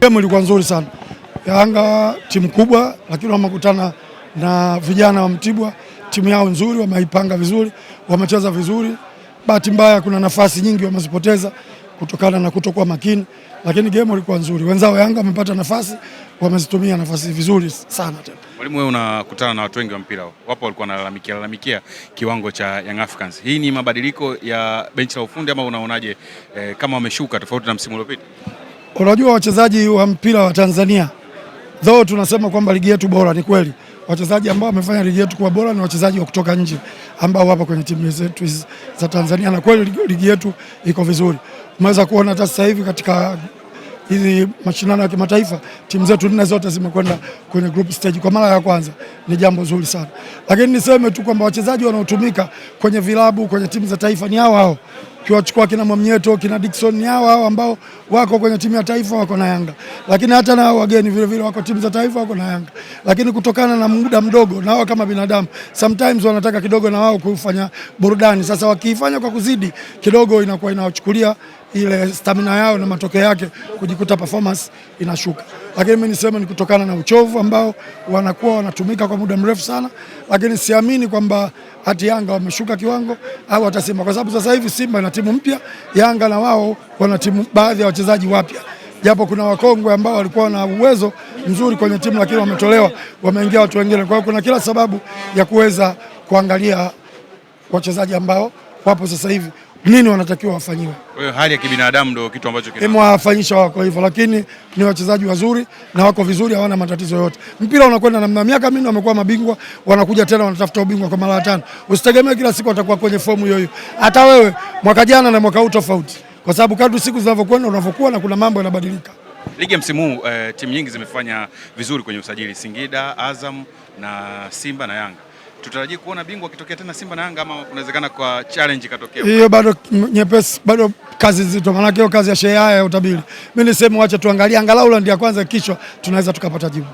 Game ilikuwa nzuri sana. Yanga timu kubwa, lakini wamekutana na vijana wa Mtibwa, timu yao nzuri, wameipanga vizuri, wamecheza vizuri. Bahati mbaya kuna nafasi nyingi wamezipoteza kutokana na kutokuwa makini, lakini game ilikuwa nzuri. Wenzao Yanga wamepata nafasi, wamezitumia nafasi vizuri sana. Tena mwalimu, wewe unakutana na watu wengi wa mpira, wapo walikuwa wanalalamikia lalamikia kiwango cha Young Africans. Hii ni mabadiliko ya benchi la ufundi ama unaonaje? Eh, kama wameshuka tofauti na msimu uliopita Unajua wachezaji wa mpira wa Tanzania dhoo tunasema kwamba ligi yetu bora, ni kweli wachezaji ambao wamefanya ligi yetu kuwa bora ni wachezaji wa kutoka nje ambao wapo kwenye timu zetu za Tanzania, na kweli ligi yetu iko vizuri. Umeweza kuona hata sasa hivi katika hizi mashindano ya kimataifa timu zetu nne zote zimekwenda kwenye group stage kwa mara ya kwanza, ni jambo zuri sana, lakini niseme tu kwamba wachezaji wanaotumika kwenye vilabu, kwenye timu za taifa ni hao hao kiwachukua kina Mwamnyeto kina Dickson, ni hawa hawa ambao wako kwenye timu ya taifa wako na Yanga, lakini hata na wageni vile vile wako timu za taifa wako na Yanga, lakini kutokana na muda mdogo, na wao kama binadamu sometimes wanataka kidogo na wao kufanya burudani. Sasa wakiifanya kwa kuzidi kidogo, inakuwa inawachukulia ile stamina yao na matokeo yake kujikuta performance inashuka lakini mimi nisema ni kutokana na uchovu ambao wanakuwa wanatumika kwa muda mrefu sana, lakini siamini kwamba hati Yanga wameshuka kiwango au watasema, kwa sababu sasa hivi Simba ina timu mpya, Yanga na wao wana timu, baadhi ya wachezaji wapya japo kuna wakongwe ambao walikuwa na uwezo mzuri kwenye timu lakini wametolewa, wameingia watu wengine. Kwa hiyo kuna kila sababu ya kuweza kuangalia wachezaji ambao wapo sasa hivi nini wanatakiwa wafanyiwe. Kwa hiyo hali ya kibinadamu ndio kitu ambacho kimewafanyisha wako hivyo, lakini ni wachezaji wazuri na wako vizuri, hawana matatizo yote. Mpira unakwenda namna, miaka mingi wamekuwa mabingwa, wanakuja tena wanatafuta ubingwa kwa mara tano. Usitegemee kila siku atakuwa kwenye fomu hiyo hiyo. Hata wewe mwaka jana na mwaka huu tofauti, kwa sababu kadri siku zinavyokwenda unavyokuwa, na kuna mambo yanabadilika. Ligi ya msimu huu eh, timu nyingi zimefanya vizuri kwenye usajili: Singida, Azam na Simba na Yanga tutarajie kuona bingwa akitokea tena Simba na Yanga, ama kunawezekana kwa challenge ikatokea hiyo? Bado nyepesi, bado kazi nzito, maanake hiyo kazi ya sheha ya utabiri. Mimi nisema wacha tuangalie angalau landi ya kwanza, kichwa tunaweza tukapata jibu.